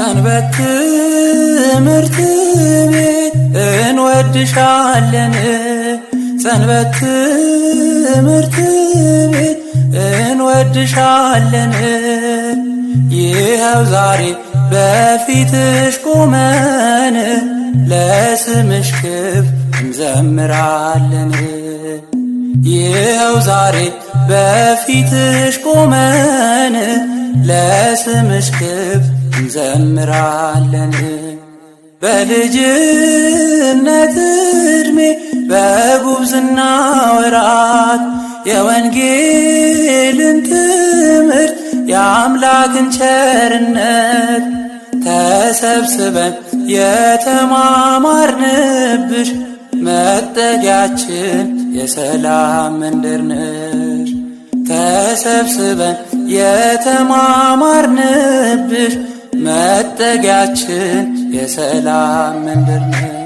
ሰንበት ትምህርት ቤት እንወድሻለን ሰንበት ትምህርት ቤት እንወድሻለን ይኸው ዛሬ በፊትሽ ቆመን ለስምሽ ክብር እንዘምራለን ይኸው ዛሬ በፊትሽ ቆመን ለስምሽ ክብር እንዘምራለን። በልጅነት ዕድሜ በጉብዝና ወራት የወንጌልን ትምህርት የአምላክን ቸርነት ተሰብስበን የተማማርንብሽ መጠጊያችን የሰላም መንደር ነሽ። ተሰብስበን የተማማርንብሽ መጠጊያችን የሰላም መንደር ነሽ።